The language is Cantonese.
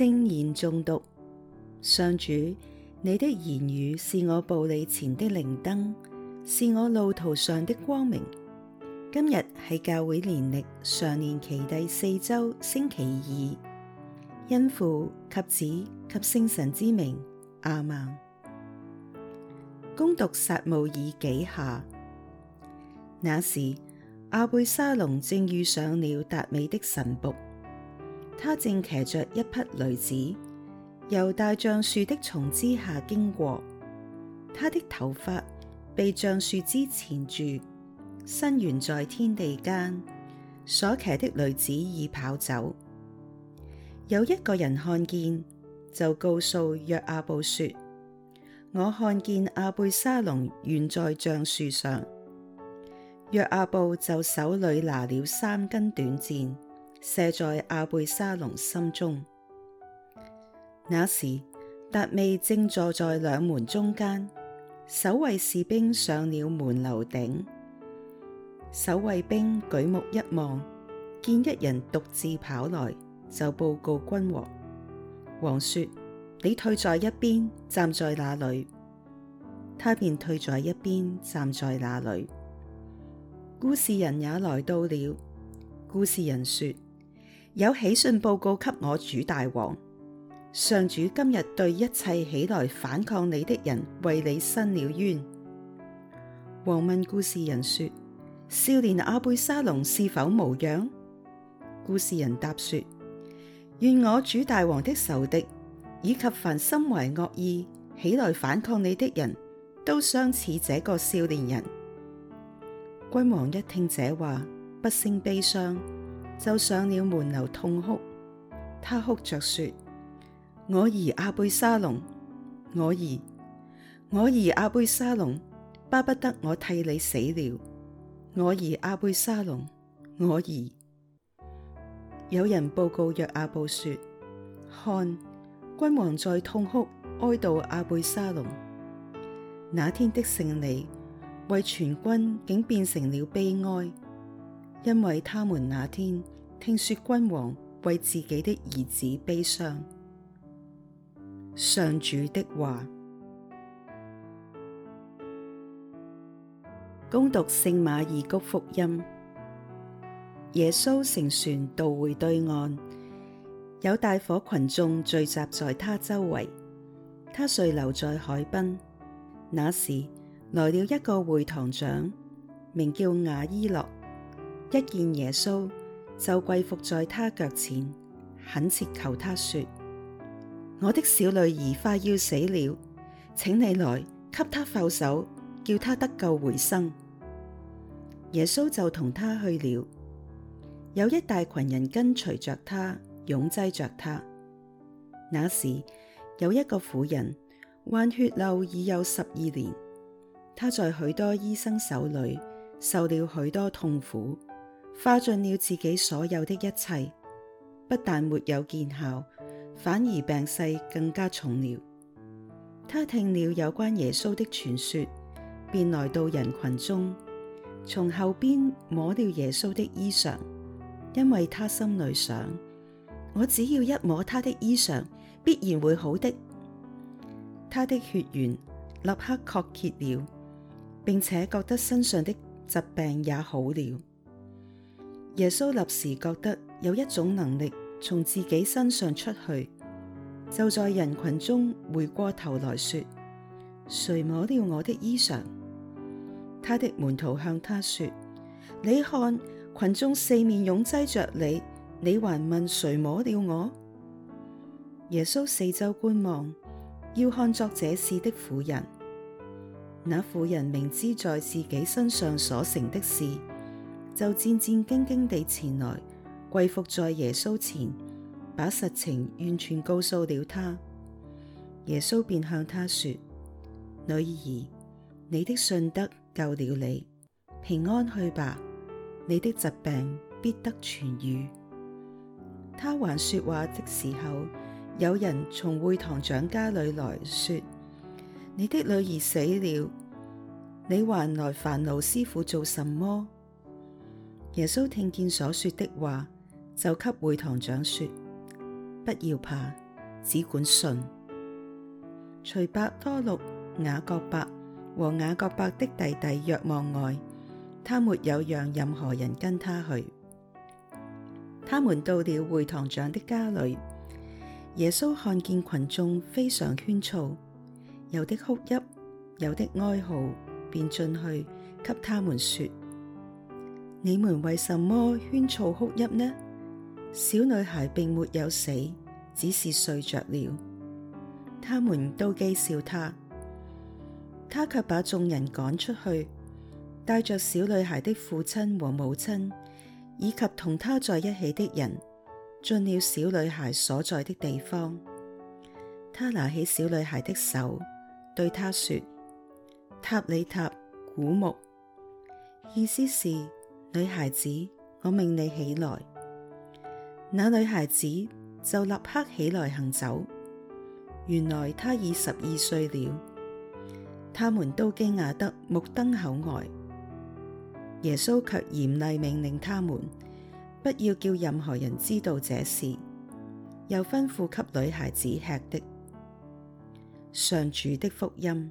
聖言誦讀。上主，你的言語是我步履前的靈燈，是我路途上的光明。今日係教會年曆常年期第四週星期二，因父及子及聖神之名，阿門。恭讀撒慕爾紀下，那時阿貝沙隆正遇上了達味的臣僕。他正騎着一匹騾子，由大橡樹的叢枝下經過。他的頭髮被橡樹枝纏住，身懸在天地間。所騎的騾子已跑走。有一個人看見，就告訴約阿布說：我看見阿貝沙隆懸在橡樹上。約阿布就手裏拿了三根短箭。射在阿貝沙隆心中。那時，達味正坐在兩門中間，守衛士兵上了門樓頂。守衛兵舉目一望，見一人獨自跑來，就報告君王。王說：你退在一邊，站在那裏。他便退在一邊，站在那裏。僱士人也來到了。僱士人說。有喜信報告給我主大王，上主今日對一切起來反抗你的人為你伸了冤。王問僱士人說：少年阿貝沙隆是否無恙？僱士人答說：願我主大王的仇敵，以及凡心懷惡意起來反抗你的人，都相似這個少年人。君王一聽這話，不勝悲傷。就上了門樓痛哭，他哭着說：我兒阿貝沙隆，我兒，我兒阿貝沙隆，巴不得我替你死了，我兒阿貝沙隆，我兒。有人報告約阿布說：看，君王在痛哭哀悼阿貝沙隆。那天的勝利為全軍竟變成了悲哀。因為他們那天聽說君王為自己的兒子悲傷，上主的話。恭讀聖馬爾谷福音，耶穌乘船渡回對岸，有大伙群眾聚集在他周圍，他遂留在海濱。那時來了一個會堂長，名叫雅依洛。一見耶穌就跪伏在他腳前，懇切求他說：我的小女兒快要死了，請你來給她覆手，叫她得救回生。耶穌就同他去了，有一大群人跟隨着他，擁擠着他。那時有一個婦人，患血漏已有十二年，她在許多醫生手裏受了許多痛苦。花盡了自己所有的一切，不但沒有見效，反而病勢更加重了。他聽了有關耶穌的傳說，便來到人群中，從後邊摸了耶穌的衣裳，因為他心裏想：我只要一摸他的衣裳，必然會好的。他的血緣立刻確結了，並且覺得身上的疾病也好了。耶穌立時覺得有一種能力從自己身上出去，就在人群中回過頭來說：誰摸了我的衣裳？他的門徒向他說：你看，群眾四面擁擠着你，你還問誰摸了我？耶穌四周觀望，要看作這事的婦人。那婦人明知在自己身上所成的事。就戰戰兢兢地前來，跪伏在耶穌前，把實情完全告訴了他。耶穌便向他說：女兒，你的信德救了你，平安去吧，你的疾病必得痊愈。他還說話的時候，有人從會堂長家裏來說：你的女兒死了，你還來煩惱師傅做什麼？耶穌聽見所說的話，就給會堂長說：不要怕，只管信。除伯多祿雅各伯和雅各伯的弟弟若望外，他沒有讓任何人跟他去。他們到了會堂長的家裏，耶穌看見群眾非常喧噪，有的哭泣，有的哀嚎，便進去給他們說。你們為什麼喧噪哭泣呢？小女孩並沒有死，只是睡着了。他們都譏笑她，他卻把眾人趕出去，帶着小女孩的父親和母親，以及同他在一起的人，進了小女孩所在的地方。他拿起小女孩的手，對他說：“塔里塔，古木！”，意思是。女孩子，我命你起來，那女孩子就立刻起來行走。原來她已十二歲了，他們都驚訝得目瞪口呆。耶穌卻嚴厲命令他們，不要叫任何人知道這事，又吩咐給女孩子吃的。上主的福音。